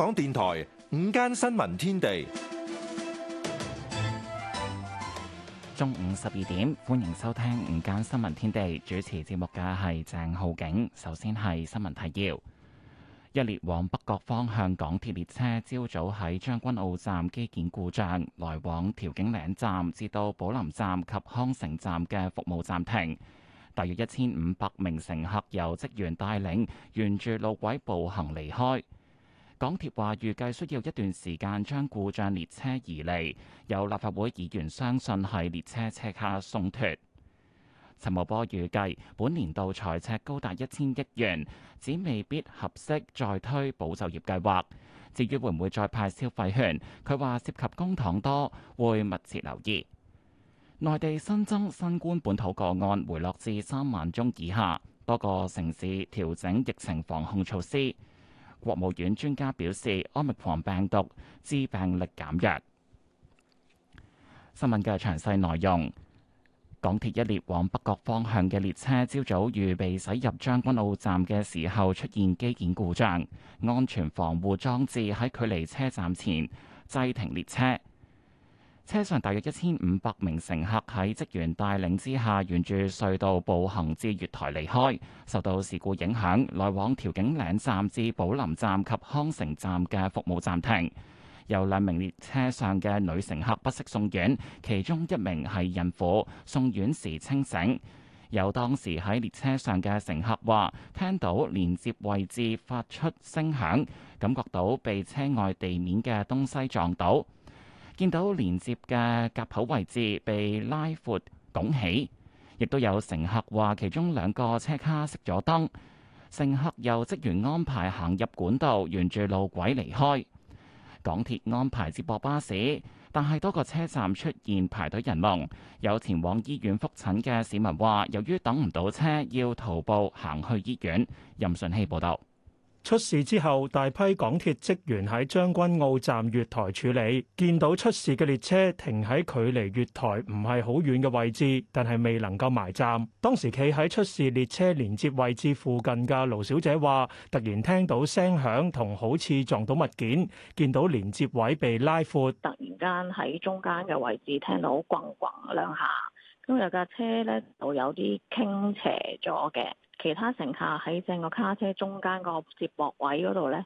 港電台午間新聞天地，中午十二點，歡迎收聽午間新聞天地。主持節目嘅係鄭浩景。首先係新聞提要：一列往北角方向港鐵列車朝早喺將軍澳站機件故障，來往調景嶺站至到寶林站及康城站嘅服務暫停，大約一千五百名乘客由職員帶領沿住路軌步行離開。港鐵話預計需要一段時間將故障列車移離。有立法會議員相信係列車車卡鬆脱。陳茂波預計本年度財赤高達一千億元，指未必合適再推保就業計劃。至於會唔會再派消費券，佢話涉及公帑多，會密切留意。內地新增新冠本土個案回落至三萬宗以下，多個城市調整疫情防控措施。國務院專家表示，Omicron 病毒致病力減弱。新聞嘅詳細內容：港鐵一列往北角方向嘅列車，朝早預備駛入將軍澳站嘅時候，出現機件故障，安全防護裝置喺距離車站前製停列車。車上大約一千五百名乘客喺職員帶領之下，沿住隧道步行至月台離開。受到事故影響，來往調景嶺站至寶林站及康城站嘅服務暫停。有兩名列車上嘅女乘客不適送院，其中一名係孕婦，送院時清醒。有當時喺列車上嘅乘客話，聽到連接位置發出聲響，感覺到被車外地面嘅東西撞到。見到連接嘅夾口位置被拉闊拱起，亦都有乘客話其中兩個車卡熄咗燈，乘客由職員安排行入管道，沿住路軌離開。港鐵安排接駁巴士，但係多個車站出現排隊人龍，有前往醫院覆診嘅市民話，由於等唔到車，要徒步行去醫院。任順希報道。出事之後，大批港鐵職員喺將軍澳站月台處理，見到出事嘅列車停喺距離月台唔係好遠嘅位置，但係未能夠埋站。當時企喺出事列車連接位置附近嘅盧小姐話，突然聽到聲響同好似撞到物件，見到連接位被拉闊，突然間喺中間嘅位置聽到轟轟兩下，咁有架車咧就有啲傾斜咗嘅。其他乘客喺正個卡車中間個接駁位嗰度咧，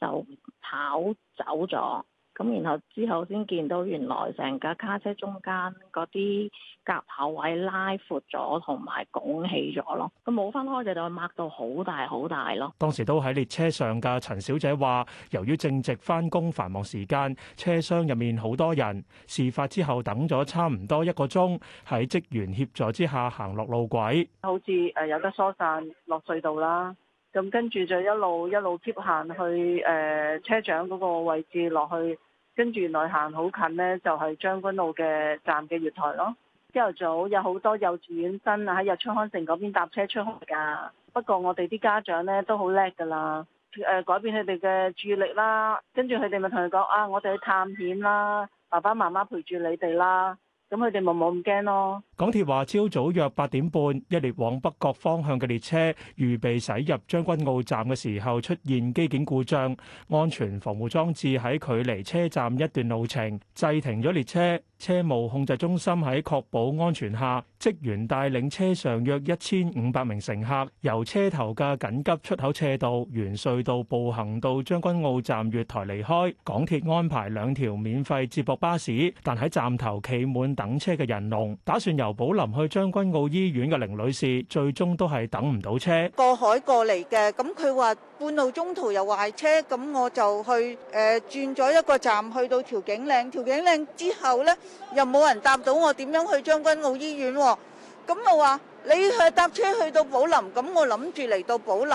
就跑走咗。咁然後之後先見到原來成架卡車中間嗰啲夾口位拉闊咗，同埋拱起咗咯。咁冇分開嘅就擘到好大好大咯。當時都喺列車上嘅陳小姐話，由於正值返工繁忙時間，車廂入面好多人。事發之後等咗差唔多一個鐘，喺職員協助之下行落路軌。好似誒有得疏散落隧道啦。咁跟住就一路一路 keep 行去誒、呃、車長嗰個位置落去。跟住原來行好近呢，就係將軍澳嘅站嘅月台咯。朝頭早有好多幼稚園生喺日出康城嗰邊搭車出去㗎。不過我哋啲家長呢都好叻㗎啦，誒、呃、改變佢哋嘅注意力啦。跟住佢哋咪同佢講啊，我哋去探險啦，爸爸媽媽陪住你哋啦。咁佢哋咪冇咁驚咯。港鐵話，朝早約八點半，一列往北角方向嘅列車預備駛入將軍澳站嘅時候，出現機件故障，安全防護裝置喺距離車站一段路程，制停咗列車。車務控制中心喺確保安全下，職員帶領車上約一千五百名乘客由車頭嘅緊急出口斜道，沿隧道，步行到將軍澳站月台離開。港鐵安排兩條免費接駁巴士，但喺站頭企滿等車嘅人龍，打算由寶林去將軍澳醫院嘅凌女士最終都係等唔到車。過海過嚟嘅，咁佢話。半路中途又壞車，咁我就去誒、呃、轉咗一個站，去到調景嶺。調景嶺之後呢，又冇人搭到我，點樣去將軍澳醫院喎、哦？咁、嗯、我話你係搭車去到寶林，咁、嗯、我諗住嚟到寶林。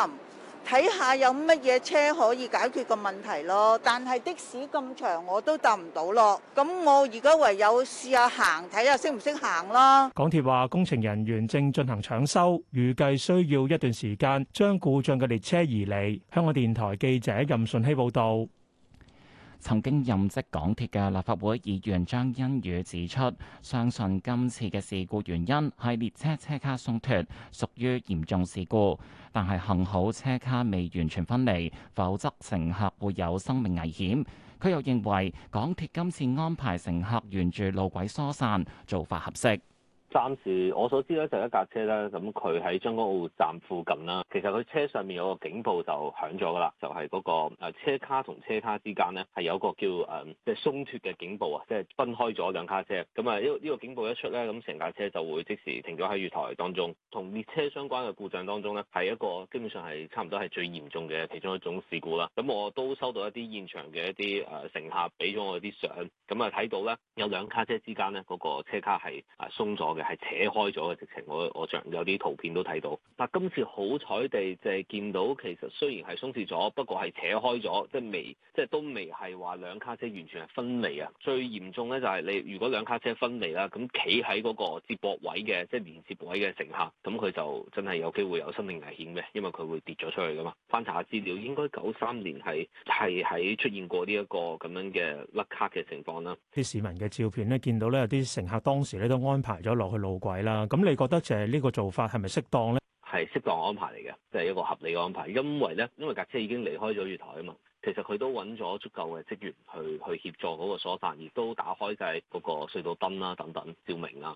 睇下有乜嘢車可以解決個問題咯，但係的士咁長我都搭唔到咯。咁我而家唯有試下行睇下識唔識行啦。港鐵話工程人員正進行搶修，預計需要一段時間將故障嘅列車移離。香港電台記者任順希報道。曾經任職港鐵嘅立法會議員張欣宇指出，相信今次嘅事故原因係列車車卡鬆脱，屬於嚴重事故，但係幸好車卡未完全分離，否則乘客會有生命危險。佢又認為港鐵今次安排乘客沿住路軌疏散，做法合適。暫時我所知咧就一架車咧，咁佢喺將軍澳站附近啦。其實佢車上面有個警報就響咗噶啦，就係嗰個誒車卡同車卡之間呢，係有個叫誒即係鬆脱嘅警報啊，即係分開咗兩卡車。咁啊，呢個呢個警報一出咧，咁成架車就會即時停咗喺月台當中。同列車相關嘅故障當中呢，係一個基本上係差唔多係最嚴重嘅其中一種事故啦。咁我都收到一啲現場嘅一啲誒乘客俾咗我啲相，咁啊睇到咧有兩卡車之間呢，嗰個車卡係啊鬆咗嘅。係扯開咗嘅，直情我我上有啲圖片都睇到。但今次好彩地就係見到，其實雖然係鬆弛咗，不過係扯開咗，即係未，即係都未係話兩卡車完全係分離啊。最嚴重咧就係你如果兩卡車分離啦，咁企喺嗰個接駁位嘅，即係連接位嘅乘客，咁佢就真係有機會有生命危險嘅，因為佢會跌咗出去噶嘛。翻查下資料，應該九三年係係喺出現過呢一個咁樣嘅甩卡嘅情況啦。啲市民嘅照片咧，見到咧有啲乘客當時咧都安排咗落去路軌啦，咁你覺得就係呢個做法係咪適當咧？係適當安排嚟嘅，即係一個合理嘅安排。因為咧，因為架車已經離開咗月台啊嘛，其實佢都揾咗足夠嘅職員去去協助嗰個疏散，亦都打開晒嗰個隧道燈啦，等等照明啦。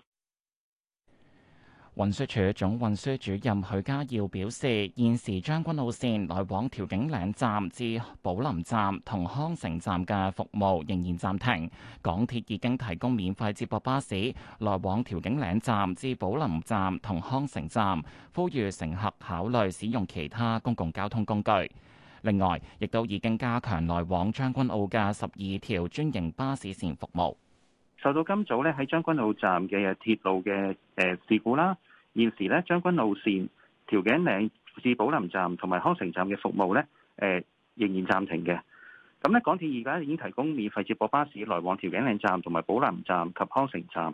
運輸署總運輸主任許家耀表示，現時將軍澳綫來往調景嶺站至寶林站同康城站嘅服務仍然暫停。港鐵已經提供免費接駁巴士來往調景嶺站至寶林站同康城站，呼籲乘客考慮使用其他公共交通工具。另外，亦都已經加強來往將軍澳嘅十二條專營巴士綫服務。受到今早咧喺將軍澳站嘅鐵路嘅誒事故啦。現時咧，將軍澳線調景嶺至寶林站同埋康城站嘅服務咧，誒仍然暫停嘅。咁咧，港鐵而家已經提供免費接駁巴士來往調景嶺站同埋寶林站及康城站。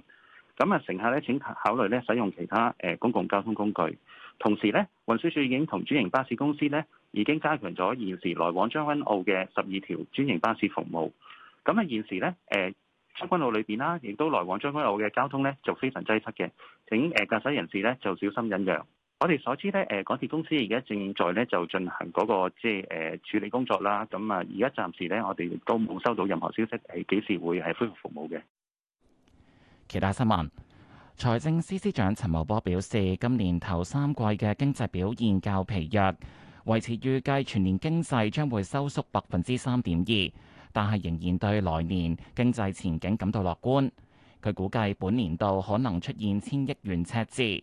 咁啊，乘客咧請考慮咧使用其他誒公共交通工具。同時咧，運輸署已經同專營巴士公司咧已經加強咗現時來往將軍澳嘅十二條專營巴士服務。咁啊，現時咧誒。將軍澳裏邊啦，亦都來往將軍澳嘅交通呢，就非常擠塞嘅，請誒駕駛人士呢，就小心忍讓。我哋所知呢，誒，港鐵公司而家正在呢，就進行嗰個即係誒處理工作啦。咁啊，而家暫時呢，我哋都冇收到任何消息，係幾時會係恢復服務嘅。其他新聞，財政司司長陳茂波表示，今年頭三季嘅經濟表現較疲弱，維持預計全年經濟將會收縮百分之三點二。但係仍然對來年經濟前景感到樂觀。佢估計本年度可能出現千億元赤字，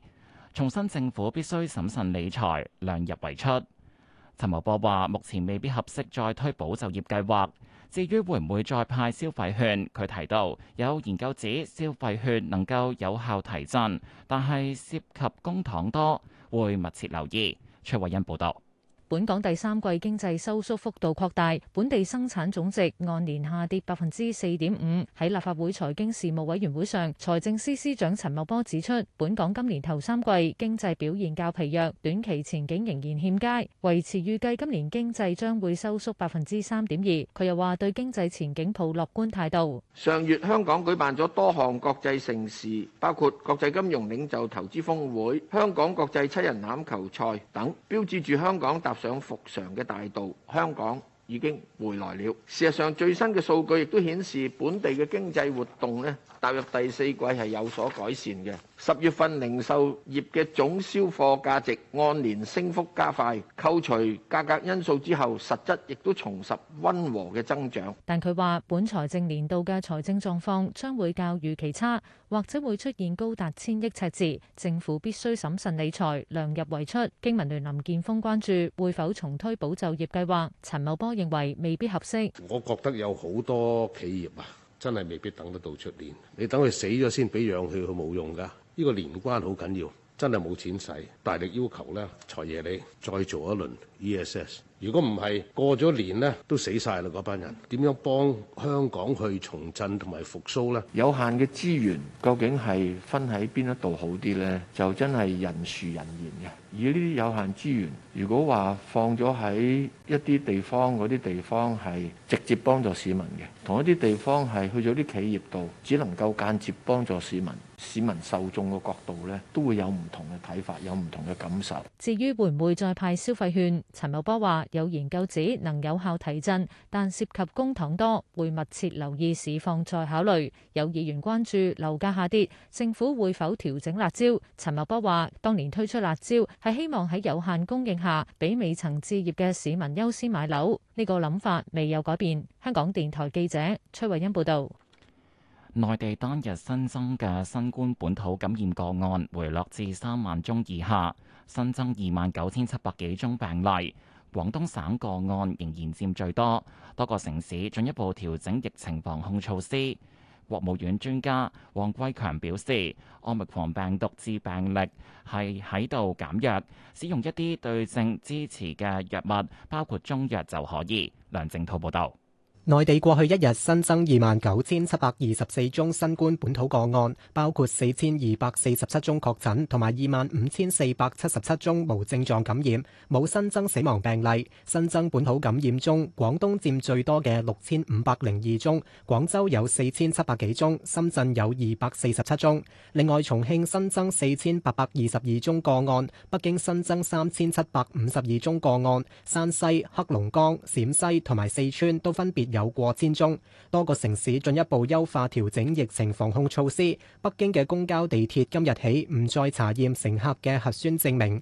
重申政府必須審慎理財，量入為出。陳茂波話：目前未必合適再推保就業計劃。至於會唔會再派消費券，佢提到有研究指消費券能夠有效提振，但係涉及公帑多，會密切留意。崔慧欣報導。本港第三季經濟收縮幅度擴大，本地生產總值按年下跌百分之四點五。喺立法會財經事務委員會上，財政司司長陳茂波指出，本港今年頭三季經濟表現較疲弱，短期前景仍然欠佳，維持預計今年經濟將會收縮百分之三點二。佢又話對經濟前景抱樂觀態度。上月香港舉辦咗多項國際盛事，包括國際金融領袖投資峰會、香港國際七人欖球賽等，標誌住香港搭想復常嘅大道，香港，已經回來了。事實上，最新嘅數據亦都顯示本地嘅經濟活動咧，踏入第四季係有所改善嘅。十月份零售業嘅總銷貨價值按年升幅加快，扣除價格因素之後，實質亦都重拾溫和嘅增長。但佢話，本財政年度嘅財政狀況將會較預期差，或者會出現高達千億赤字。政府必須審慎理財，量入為出。經民聯林健鋒關注會否重推保就業計劃，陳茂波認為未必合適。我覺得有好多企業啊，真係未必等得到出年。你等佢死咗先俾氧氣，佢冇用噶。呢個年關好緊要，真係冇錢使，大力要求咧，財爺你再做一輪 ESS。如果唔係過咗年咧，都死晒啦！嗰班人點樣幫香港去重振同埋復甦咧？有限嘅資源究竟係分喺邊一度好啲咧？就真係人言人殊嘅。而呢啲有限資源，如果話放咗喺一啲地方，嗰啲地方係直接幫助市民嘅，同一啲地方係去咗啲企業度，只能夠間接幫助市民。市民受眾嘅角度咧，都會有唔同嘅睇法，有唔同嘅感受。至於會唔會再派消費券，陳茂波話。有研究指能有效提振，但涉及公帑多，會密切留意市況再考慮。有議員關注樓價下跌，政府會否調整辣招？陳茂波話：當年推出辣招，係希望喺有限供應下，俾未曾置業嘅市民優先買樓，呢、這個諗法未有改變。香港電台記者崔慧欣報道，內地當日新增嘅新冠本土感染個案回落至三萬宗以下，新增二萬九千七百幾宗病例。廣東省個案仍然佔最多，多個城市進一步調整疫情防控措施。國務院專家王貴強表示，Omicron 病毒致病力係喺度減弱，使用一啲對症支持嘅藥物，包括中藥就可以。梁靜滔報道。內地過去一日新增二萬九千七百二十四宗新冠本土個案，包括四千二百四十七宗確診同埋二萬五千四百七十七宗無症狀感染，冇新增死亡病例。新增本土感染中，廣東佔最多嘅六千五百零二宗，廣州有四千七百幾宗，深圳有二百四十七宗。另外，重慶新增四千八百二十二宗個案，北京新增三千七百五十二宗個案，山西、黑龍江、陝西同埋四川都分別有。有過千宗，多個城市進一步優化調整疫情防控措施。北京嘅公交、地鐵今日起唔再查驗乘客嘅核酸證明。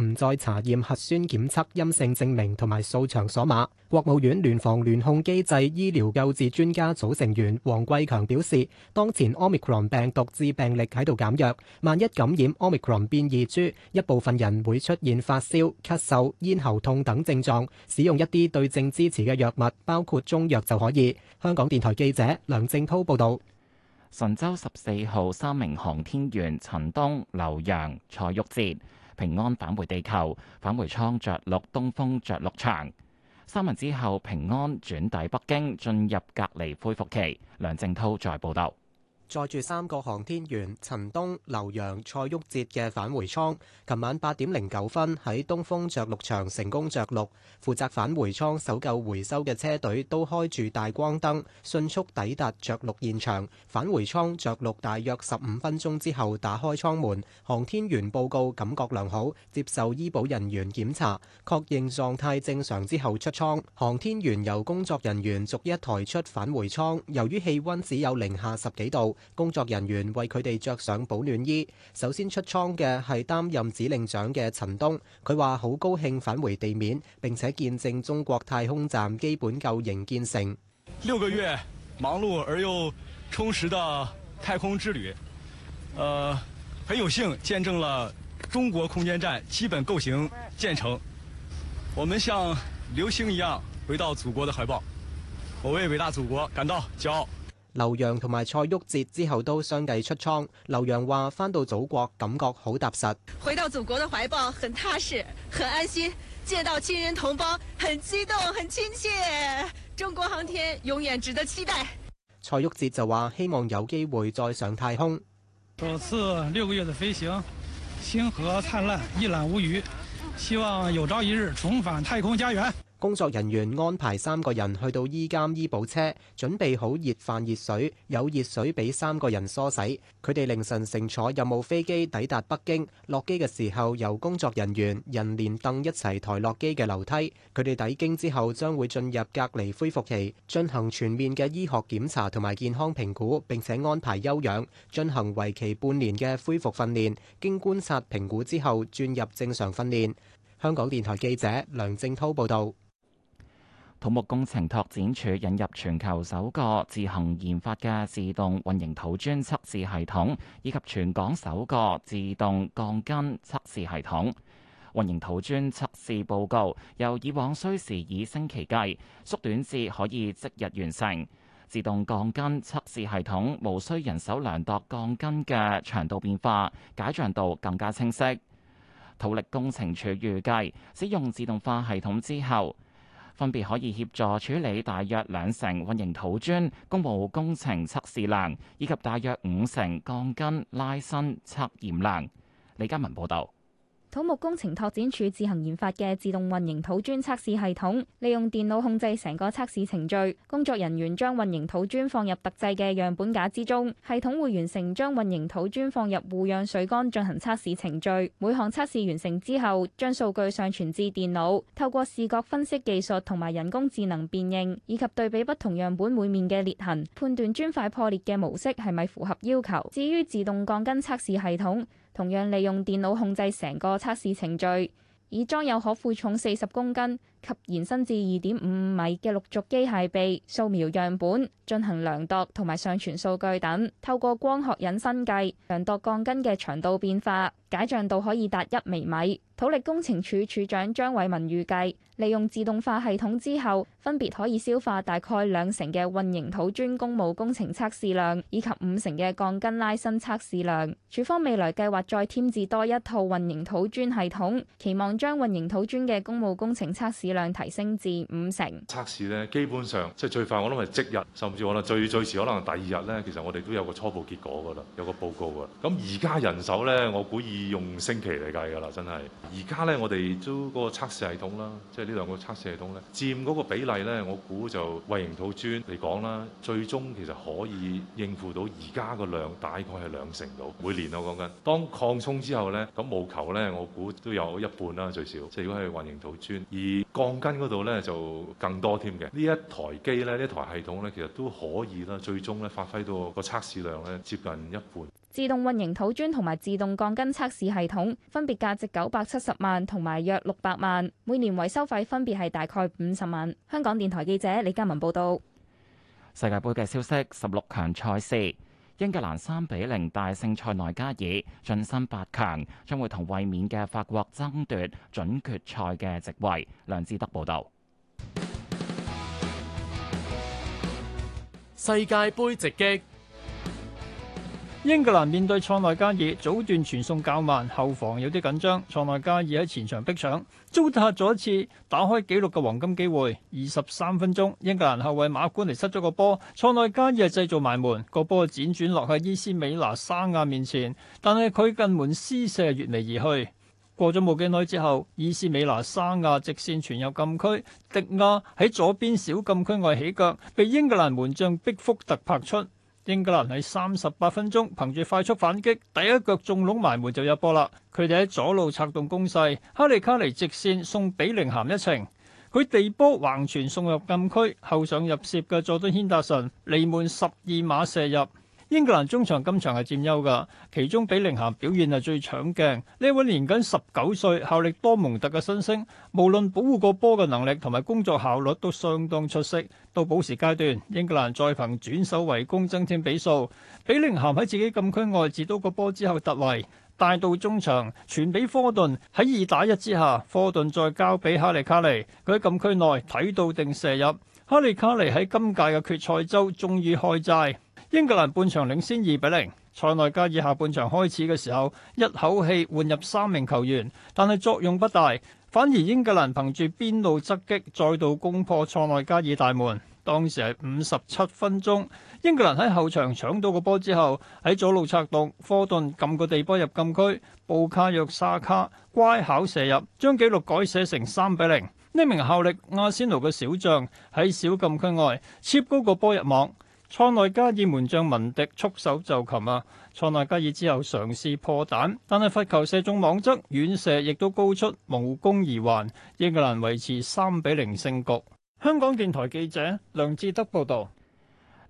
唔再查驗核酸檢測陰性證明同埋掃場所碼。國務院聯防聯控機制醫療救治專家組成員黃貴強表示，當前 Omicron 病毒致病力喺度減弱，萬一感染 Omicron 變異株，一部分人會出現發燒、咳嗽、咽喉痛等症狀，使用一啲對症支持嘅藥物，包括中藥就可以。香港電台記者梁正滔報導。神舟十四號三名航天員陳冬、劉洋、蔡旭哲平安返回地球，返回艙着陸，東風着陸場。三日之後，平安轉抵北京，進入隔離恢復期。梁正濤再報道。載住三個航天員陳東、劉洋、蔡旭哲嘅返回艙，琴晚八點零九分喺東風着陸場成功着陸。負責返回艙搜救回收嘅車隊都開住大光燈，迅速抵達着陸現場。返回艙着陸大約十五分鐘之後，打開艙門，航天員報告感覺良好，接受醫保人員檢查，確認狀態正常之後出艙。航天員由工作人員逐一抬出返回艙，由於氣温只有零下十幾度。工作人員為佢哋着上保暖衣。首先出艙嘅係擔任指令長嘅陳冬，佢話好高興返回地面，並且見證中國太空站基本構型建成。六個月忙碌而又充實的太空之旅，呃，很有幸見證了中國空間站基本構型建成。我們像流星一樣回到祖國的懷抱，我為偉大祖國感到驕傲。劉洋同埋蔡旭哲之後都相繼出倉。劉洋話：返到祖國感覺好踏實。回到祖國的懷抱，很踏實，很安心，見到親人同胞，很激動，很親切。中國航天永遠值得期待。蔡旭哲就話：希望有機會再上太空。首次六個月的飛行，星河燦爛，一覽無餘。希望有朝一日重返太空家園。工作人員安排三個人去到醫監醫保車，準備好熱飯熱水，有熱水俾三個人梳洗。佢哋凌晨乘坐任務飛機抵達北京，落機嘅時候由工作人員人連凳一齊抬落機嘅樓梯。佢哋抵京之後將會進入隔離恢復期，進行全面嘅醫學檢查同埋健康評估，並且安排休養，進行為期半年嘅恢復訓練。經觀察評估之後，轉入正常訓練。香港電台記者梁正滔報道。土木工程拓展署引入全球首個自行研發嘅自動混凝土磚測試系統，以及全港首個自動鋼筋測試系統。混凝土磚測試報告由以往需時以星期計，縮短至可以即日完成。自動鋼筋測試系統無需人手量度鋼筋嘅長度變化，解像度更加清晰。土力工程處預計使用自動化系統之後，分別可以協助處理大約兩成運營土磚、公務工程測試量，以及大約五成鋼筋拉伸測驗量。李嘉文報導。土木工程拓展署自行研發嘅自動混凝土磚測試系統，利用電腦控制成個測試程序。工作人員將混凝土磚放入特製嘅樣本架之中，系統會完成將混凝土磚放入護樣水缸進行測試程序。每項測試完成之後，將數據上傳至電腦，透過視覺分析技術同埋人工智能辨認，以及對比不同樣本每面嘅裂痕，判斷磚塊破裂嘅模式係咪符合要求。至於自動鋼筋測試系統，同樣利用電腦控制成個測試程序，已裝有可負重四十公斤，及延伸至二點五五米嘅六軸機械臂掃描樣本，進行量度同埋上傳數據等。透過光學引伸計量度鋼筋嘅長度變化，解像度可以達一微米。土力工程處處長張偉文預計，利用自動化系統之後，分別可以消化大概兩成嘅混凝土磚公務工程測試量，以及五成嘅鋼筋拉伸測試量。署方未來計劃再添置多一套混凝土磚系統，期望將混凝土磚嘅公務工程測試量提升至五成，測試咧基本上即係最快，我諗係即日，甚至可能最最遲可能第二日咧，其實我哋都有個初步結果噶啦，有個報告噶。咁而家人手咧，我估要用星期嚟計噶啦，真係。而家咧，我哋都、嗰個測試系統啦，即係呢兩個測試系統咧，佔嗰個比例咧，我估就混凝土磚嚟講啦，最終其實可以應付到而家個量，大概係兩成度，每年我講緊，當擴充之後咧，咁務求咧，我估都有一半啦最少，即係如果係混凝土磚而。鋼筋嗰度咧就更多添嘅，呢一台機咧，呢一台系統咧，其實都可以啦。最終咧，發揮到個測試量咧，接近一半。自動運營土磚同埋自動鋼筋測試系統分別價值九百七十萬同埋約六百萬，每年維修費分別係大概五十萬。香港電台記者李嘉文報道。世界盃嘅消息，十六強賽事。英格蘭三比零大勝塞內加爾，晉身八強，將會同衛冕嘅法國爭奪準決賽嘅席位。梁志德報道。世界杯直擊。英格蘭面對塞內加爾，早段傳送較慢，後防有啲緊張。塞內加爾喺前場逼搶，糟蹋咗一次打開紀錄嘅黃金機會。二十三分鐘，英格蘭後衛馬冠尼失咗個波，塞內加爾又製造埋門，個波輾轉落喺伊斯美拿沙亞面前，但係佢近門施射越嚟而去。過咗冇幾耐之後，伊斯美拿沙亞直線傳入禁區，迪亞喺左邊小禁區外起腳，被英格蘭門將畢福特拍出。英格蘭喺三十八分鐘憑住快速反擊，第一腳中籠埋門就入波啦。佢哋喺左路策動攻勢，哈利卡尼直線送比凌咸一程，佢地波橫傳送入禁區後上入楔嘅佐敦軒達臣離門十二碼射入。英格蘭中場今場係佔優㗎，其中比寧涵表現係最搶鏡。呢位年僅十九歲效力多蒙特嘅新星，無論保護個波嘅能力同埋工作效率都相當出色。到補時階段，英格蘭再憑轉守為攻增添比數。比寧涵喺自己禁區外截到個波之後突圍，帶到中場，傳俾科頓。喺二打一之下，科頓再交俾哈利卡尼。佢喺禁區內睇到定射入。哈利卡尼喺今屆嘅決賽周終於開齋。英格蘭半場領先二比零，塞內加爾下半場開始嘅時候，一口氣換入三名球員，但係作用不大，反而英格蘭憑住邊路側擊再度攻破塞內加爾大門。當時係五十七分鐘，英格蘭喺後場搶到個波之後，喺左路策動，科頓撳個地波入禁區，布卡約沙卡乖巧射入，將紀錄改寫成三比零。呢名效力阿仙奴嘅小將喺小禁區外切高個波入網。塞內加爾門將文迪束手就擒啊！塞內加爾之後嘗試破蛋，但係罰球射中網側，遠射亦都高出，無功而還。英格蘭維持三比零勝局。香港電台記者梁志德報道。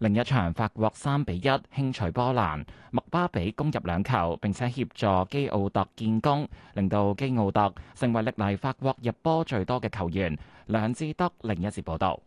另一場法國三比一輕取波蘭，麥巴比攻入兩球，並且協助基奧特建功，令到基奧特成為歷嚟法國入波最多嘅球員。梁志德另一次報道。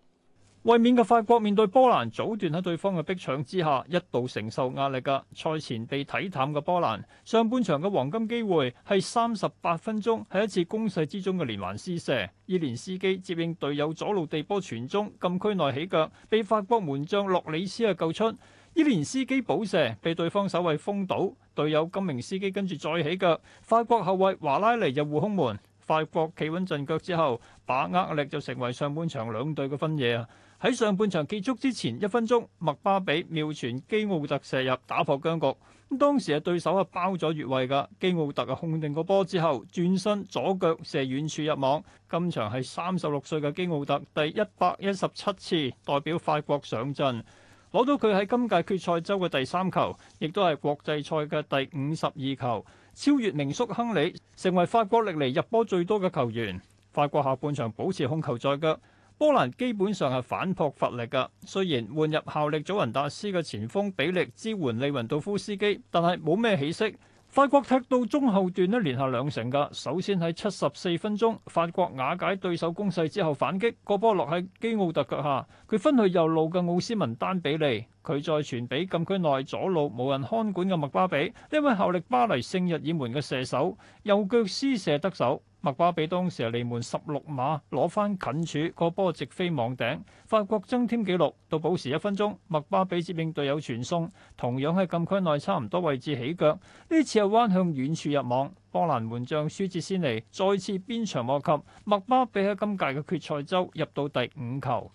為免個法國面對波蘭早斷喺對方嘅逼搶之下，一度承受壓力嘅賽前被睇淡嘅波蘭，上半場嘅黃金機會係三十八分鐘喺一次攻勢之中嘅連環施射，伊連斯基接應隊友左路地波傳中，禁區內起腳被法國門將洛里斯啊救出，伊連斯基補射被對方守衞封堵，隊友金明斯基跟住再起腳，法國後衛華拉尼入護空門。法國企穩陣腳之後，把握力就成為上半場兩隊嘅分野啊！喺上半場結束之前一分鐘，麥巴比妙傳基奧特射入打破僵局。咁當時啊，對手係包咗越位㗎，基奧特啊控定個波之後，轉身左腳射遠處入網。今場係三十六歲嘅基奧特第一百一十七次代表法國上陣，攞到佢喺今屆決賽周嘅第三球，亦都係國際賽嘅第五十二球。超越名宿亨利，成為法國歷嚟入波最多嘅球員。法國下半場保持控球在腳，波蘭基本上係反撲乏力嘅。雖然換入效力祖雲達斯嘅前鋒比利支援利雲道夫斯基，但係冇咩起色。法國踢到中後段咧，連下兩城噶。首先喺七十四分鐘，法國瓦解對手攻勢之後反擊，個波落喺基奧特腳下，佢分去右路嘅奧斯文丹比利，佢再傳俾禁區內左路冇人看管嘅麥巴比，呢位效力巴黎聖日耳門嘅射手右腳施射得手。麥巴比當時係離門十六碼，攞翻近柱，那個波直飛網頂。法國增添紀錄到補時一分鐘，麥巴比接應隊友傳送，同樣喺禁區內差唔多位置起腳，呢次係彎向遠處入網。波蘭門將舒治斯尼再次鞭長莫及，麥巴比喺今屆嘅決賽周入到第五球。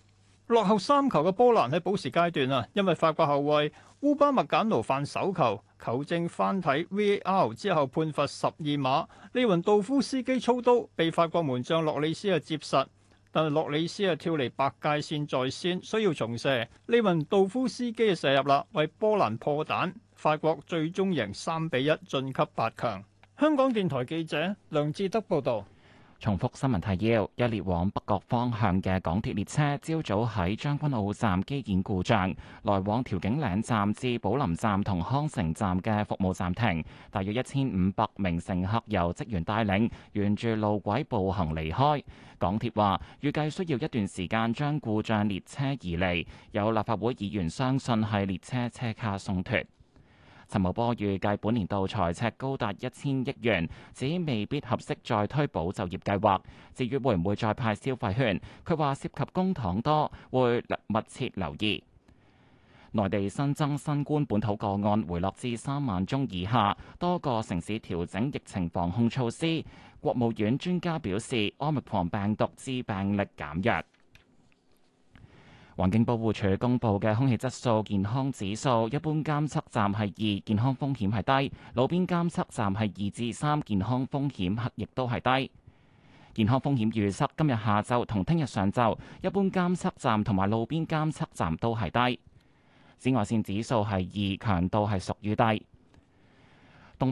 落後三球嘅波蘭喺補時階段啊，因為法國後衞烏巴麥簡奴犯手球，球證翻睇 VAR 之後判罰十二碼，利雲道夫斯基操刀被法國門將洛里斯啊接實，但係洛里斯啊跳離八界線在先，需要重射，利雲道夫斯基啊射入啦，為波蘭破蛋，法國最終贏三比一晉級八強。香港電台記者梁志德報道。重複新聞提要：一列往北角方向嘅港鐵列車，朝早喺將軍澳站機件故障，來往調景嶺站至寶林站同康城站嘅服務暫停，大約一千五百名乘客由職員帶領沿住路軌步行離開。港鐵話，預計需要一段時間將故障列車移離。有立法會議員相信係列車車卡鬆脱。陳茂波預計本年度財赤高達一千億元，指未必合適再推保就業計劃。至於會唔會再派消費券，佢話涉及公帑多，會密切留意。內地新增新冠本土個案回落至三萬宗以下，多個城市調整疫情防控措施。國務院專家表示，奧密克戎病毒致病力減弱。環境保護署公布嘅空氣質素健康指數，一般監測站係二，健康風險係低；路邊監測站係二至三，健康風險亦都係低。健康風險預測今日下晝同聽日上晝，一般監測站同埋路邊監測站都係低。紫外線指數係二，強度係屬於低。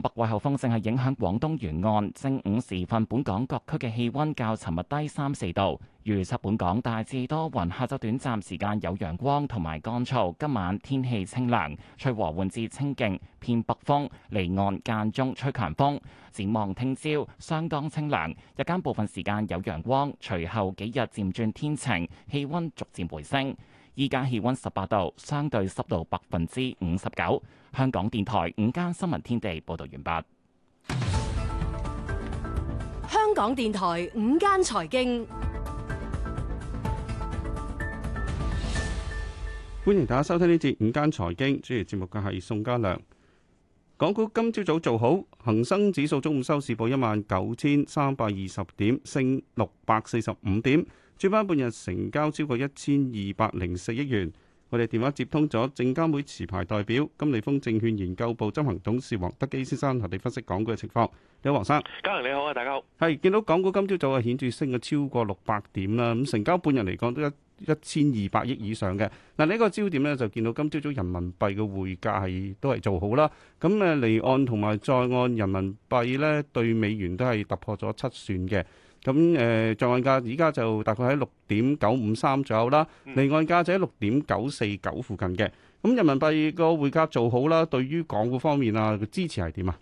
東北季候風正係影響廣東沿岸，正午時分本港各區嘅氣溫較尋日低三四度。預測本港大致多雲，下晝短暫時間有陽光同埋乾燥。今晚天氣清涼，吹和緩至清勁，偏北風，離岸間中吹強風。展望聽朝，相當清涼，日間部分時間有陽光，隨後幾日漸轉天晴，氣溫逐漸回升。依家氣溫十八度，相對濕度百分之五十九。香港電台午間新聞天地報道完畢。香港電台午間財經，歡迎大家收聽呢節午間財經。主持節目嘅係宋家良。港股今朝早，早做好，恒生指數中午收市報一萬九千三百二十點，升六百四十五點。主板半日成交超過一千二百零四億元，我哋電話接通咗證監會持牌代表金利豐證券研究部執行董事黃德基先生同你分析港股嘅情況。你好，黃生。嘉玲，你好啊，大家好。係見到港股今朝早啊，顯著升咗超過六百點啦。咁成交半日嚟講，都。一千二百億以上嘅。嗱，呢個焦點咧，就見到今朝早人民幣嘅匯價係都係做好啦，咁誒離岸同埋在岸人民幣咧對美元都係突破咗七算嘅。咁誒、呃、在岸價而家就大概喺六點九五三左右啦，嗯、離岸價就喺六點九四九附近嘅，咁人民幣個匯價做好啦，對於港股方面啊，支持係點啊？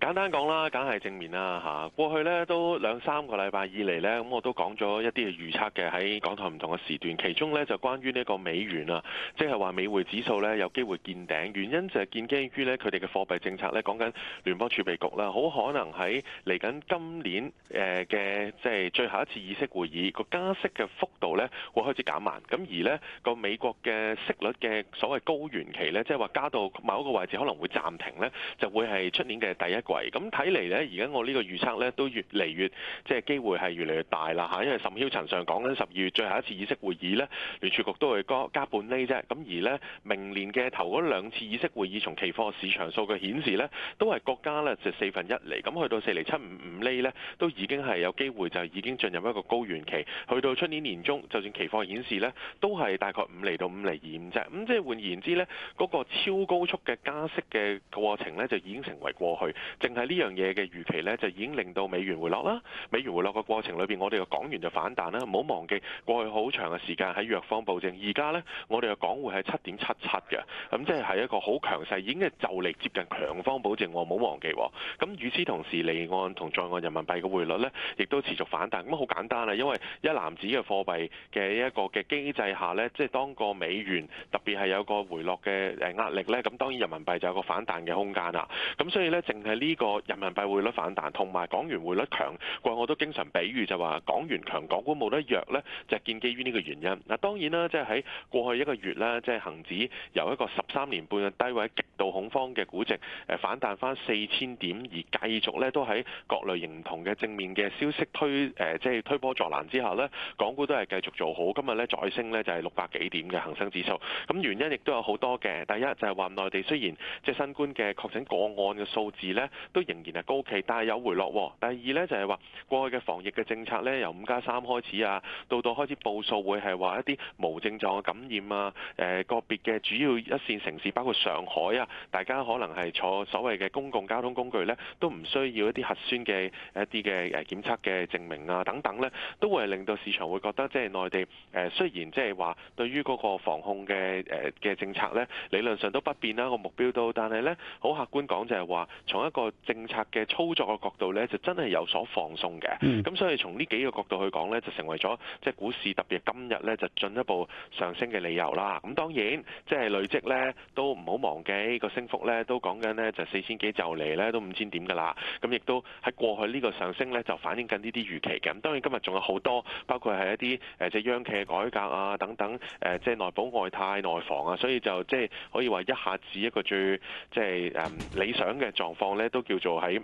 簡單講啦，梗係正面啦嚇。過去呢都兩三個禮拜以嚟呢，咁我都講咗一啲嘅預測嘅喺港台唔同嘅時段。其中呢就關於呢一個美元啊，即係話美匯指數呢有機會見頂，原因就係建基於呢佢哋嘅貨幣政策呢講緊聯邦儲備局啦，好可能喺嚟緊今年誒嘅即係最後一次議息會議個加息嘅幅度呢會開始減慢。咁而呢個美國嘅息率嘅所謂高原期呢，即係話加到某一個位置可能會暫停呢，就會係出年嘅第一。咁睇嚟呢，而家我呢個預測呢都越嚟越即係、就是、機會係越嚟越大啦嚇，因為甚囂塵上講緊十二月最後一次議息會議呢，聯儲局都係加加半釐啫。咁而呢，明年嘅頭嗰兩次議息會議，從期貨市場數據顯示呢，都係國家呢，就是、四分一釐，咁去到四厘七五五厘呢，都已經係有機會就已經進入一個高原期。去到出年年中，就算期貨顯示呢，都係大概五厘到五厘二五啫。咁即係換言之呢，嗰、那個超高速嘅加息嘅過程呢，就已經成為過去。淨係呢樣嘢嘅預期呢，就已經令到美元回落啦。美元回落嘅過程裏邊，我哋嘅港元就反彈啦。唔好忘記過去好長嘅時間喺弱方保證，而家呢，我哋嘅港匯係七點七七嘅，咁即係係一個好強勢，已經係就嚟接近強方保證。唔好忘記。咁與此同時，離岸同在岸人民幣嘅匯率呢，亦都持續反彈。咁好簡單啦，因為一籃子嘅貨幣嘅一個嘅機制下呢，即係當個美元特別係有個回落嘅誒壓力呢。咁當然人民幣就有個反彈嘅空間啦。咁所以呢，淨係呢。呢個人民幣匯率反彈，同埋港元匯率強，我我都經常比喻就話港元強，港股冇得弱咧，就係建基於呢個原因。嗱，當然啦，即係喺過去一個月咧，即係恆指由一個十三年半嘅低位極度恐慌嘅估值，誒反彈翻四千點，而繼續咧都喺各類型唔同嘅正面嘅消息推誒，即係推波助瀾之下咧，港股都係繼續做好。今日咧再升咧就係六百幾點嘅恆生指數。咁原因亦都有好多嘅，第一就係話內地雖然即係新冠嘅確診個案嘅數字咧。都仍然係高企，但係有回落。第二呢，就係、是、話過去嘅防疫嘅政策呢，由五加三開始啊，到到開始報數會係話一啲無症狀嘅感染啊，誒個別嘅主要一線城市，包括上海啊，大家可能係坐所謂嘅公共交通工具呢，都唔需要一啲核酸嘅一啲嘅檢測嘅證明啊等等呢，都會令到市場會覺得即係內地誒、呃、雖然即係話對於嗰個防控嘅誒嘅政策呢，理論上都不變啦，個目標都，但係呢，好客觀講就係話從一個。個政策嘅操作嘅角度咧，就真係有所放鬆嘅。咁、嗯、所以從呢幾個角度去講咧，就成為咗即係股市特別今日咧，就進一步上升嘅理由啦。咁當然即係、就是、累積咧，都唔好忘記個升幅咧，都講緊咧就四千幾就嚟咧都五千點噶啦。咁亦都喺過去呢個上升咧，就反映緊呢啲預期嘅。咁當然今日仲有好多，包括係一啲誒，即、就、係、是、央企嘅改革啊，等等誒，即係內保外貸內房啊，所以就即係、就是、可以話一下子一個最即係誒理想嘅狀況咧。都叫做喺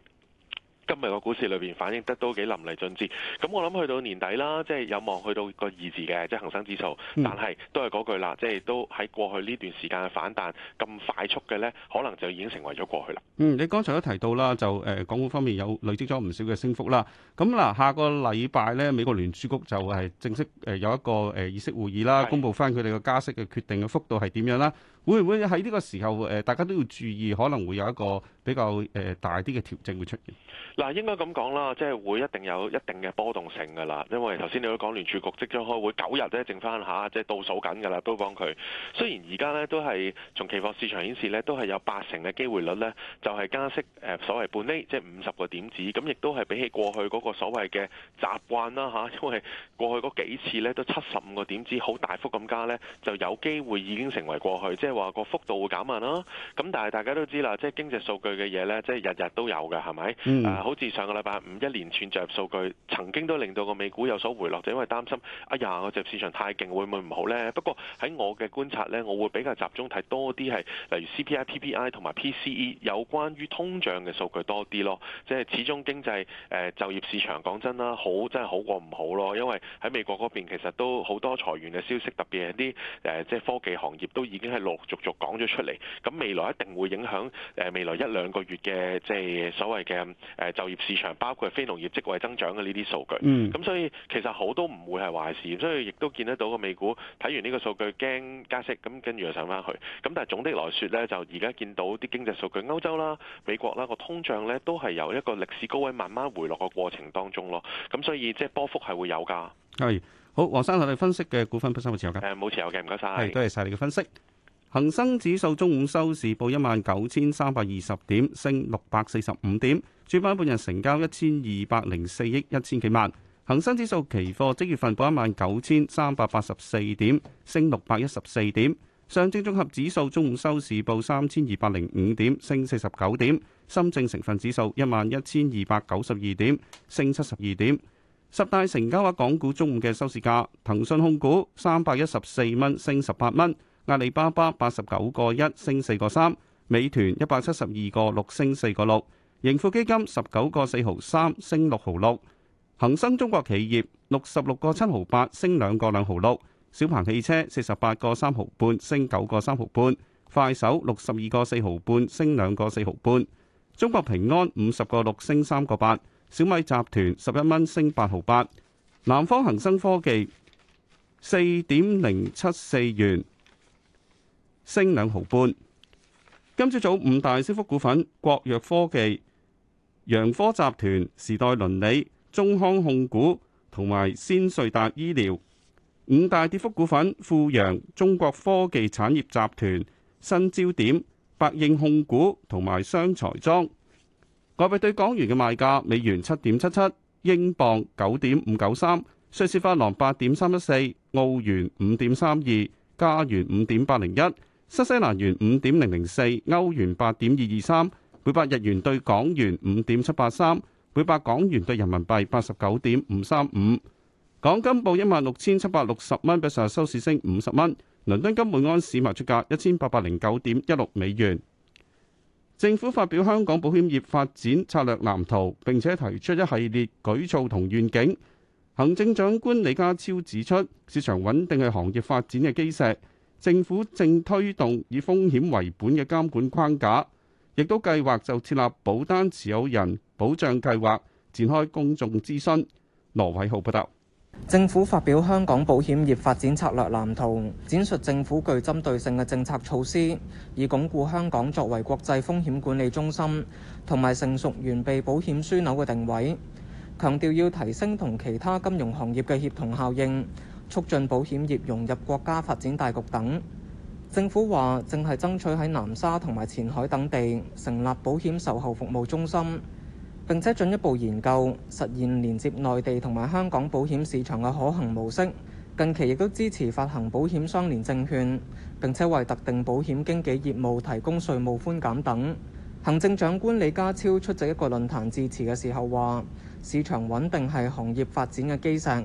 今日個股市裏邊反映得都幾淋漓盡致。咁、嗯、我諗去到年底啦，即、就、係、是、有望去到個二字嘅，即係恒生指數。但係都係嗰句啦，即、就、係、是、都喺過去呢段時間嘅反彈咁快速嘅呢，可能就已經成為咗過去啦。嗯，你剛才都提到啦，就誒、呃、港股方面有累積咗唔少嘅升幅啦。咁嗱，下個禮拜呢，美國聯儲局就係正式誒有一個誒議息會議啦，是公布翻佢哋嘅加息嘅決定嘅幅度係點樣啦。會唔會喺呢個時候誒、呃，大家都要注意，可能會有一個比較誒、呃、大啲嘅調整會出現。嗱，應該咁講啦，即係會一定有一定嘅波動性㗎啦。因為頭先你都講聯儲局即將開會，九日咧剩翻吓，即係倒數緊㗎啦，都幫佢。雖然而家呢都係從期貨市場顯示呢都係有八成嘅機會率呢就係、是、加息誒、呃，所謂半釐，即係五十個點子。咁亦都係比起過去嗰個所謂嘅習慣啦吓，因為過去嗰幾次呢都七十五個點子，好大幅咁加呢，就有機會已經成為過去，即係。話個幅度會減慢咯、啊，咁但係大家都知啦，即係經濟數據嘅嘢呢，即係日日都有嘅，係咪？嗯、啊，好似上個禮拜五一連串就業數據，曾經都令到個美股有所回落，就是、因為擔心，哎呀，我就業市場太勁會唔會唔好呢？不過喺我嘅觀察呢，我會比較集中睇多啲係，例如 CPI、PPI 同埋 PCE 有關於通脹嘅數據多啲咯。即係始終經濟誒、呃、就業市場講真啦，好真係好過唔好咯，因為喺美國嗰邊其實都好多裁員嘅消息，特別係啲誒即係科技行業都已經係落。逐逐講咗出嚟，咁未來一定會影響誒、呃、未來一兩個月嘅即係所謂嘅誒就業市場，包括非農業職位增長嘅呢啲數據。嗯，咁所以其實好多唔會係壞事，所以亦都見得到個美股睇完呢個數據驚加息，咁跟住就上翻去。咁但係總的來說呢，就而家見到啲經濟數據，歐洲啦、美國啦、個通脹呢，都係由一個歷史高位慢慢回落嘅過程當中咯。咁所以即係波幅係會有㗎。係好，黃生你分析嘅股份不生冇持有嘅。誒冇持有嘅，唔該晒。係多謝晒你嘅分析。恒生指數中午收市報一萬九千三百二十點，升六百四十五點。主板半日成交一千二百零四億一千幾萬。恒生指數期貨即月份報一萬九千三百八十四點，升六百一十四點。上證綜合指數中午收市報三千二百零五點，升四十九點。深證成分指數一萬一千二百九十二點，升七十二點。十大成交額港股中午嘅收市價，騰訊控股三百一十四蚊，升十八蚊。阿里巴巴八十九個一升四個三，美團一百七十二個六升四個六，盈富基金十九個四毫三升六毫六，恒生中國企業六十六個七毫八升兩個兩毫六，小鵬汽車四十八個三毫半升九個三毫半，快手六十二個四毫半升兩個四毫半，中國平安五十個六升三個八，小米集團十一蚊升八毫八，8. 8. 南方恒生科技四點零七四元。升兩毫半。今朝早，早五大升幅股份：國藥科技、洋科集團、時代倫理、中康控股同埋先瑞達醫療。五大跌幅股份：富洋、中國科技產業集團、新焦點、百應控股同埋雙財莊。外幣對港元嘅賣價：美元七點七七，英鎊九點五九三，瑞士法郎八點三一四，澳元五點三二，加元五點八零一。新西蘭元五點零零四，歐元八點二二三，每百日元兌港元五點七八三，每百港元兌人民幣八十九點五三五。港金報一萬六千七百六十蚊，比上日收市升五十蚊。倫敦金每安士賣出價一千八百零九點一六美元。政府發表香港保險業發展策略藍圖，並且提出一系列舉措同願景。行政長官李家超指出，市場穩定係行業發展嘅基石。政府正推動以風險為本嘅監管框架，亦都計劃就設立保單持有人保障計劃，展開公眾諮詢。羅偉浩報道，政府發表香港保險業發展策略藍圖，展述政府具針對性嘅政策措施，以鞏固香港作為國際風險管理中心同埋成熟完備保險樞紐嘅定位，強調要提升同其他金融行業嘅協同效應。促進保險業融入國家發展大局等，政府話正係爭取喺南沙同埋前海等地成立保險售後服務中心，並且進一步研究實現連接內地同埋香港保險市場嘅可行模式。近期亦都支持發行保險雙年證券，並且為特定保險經紀業務提供稅務寬減等。行政長官李家超出席一個論壇致辭嘅時候話市場穩定係行業發展嘅基石。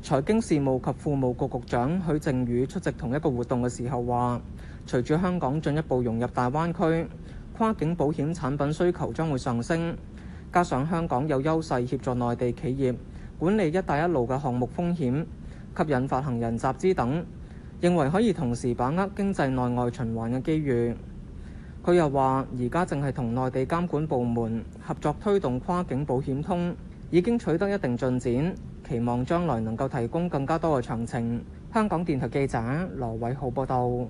財經事務及庫務局局長許正宇出席同一個活動嘅時候話，隨住香港進一步融入大灣區，跨境保險產品需求將會上升，加上香港有優勢協助內地企業管理一帶一路嘅項目風險，吸引發行人集資等，認為可以同時把握經濟內外循環嘅機遇。佢又話，而家正係同內地監管部門合作推動跨境保險通，已經取得一定進展。期望將來能夠提供更加多嘅詳情。香港電台記者羅偉浩報道。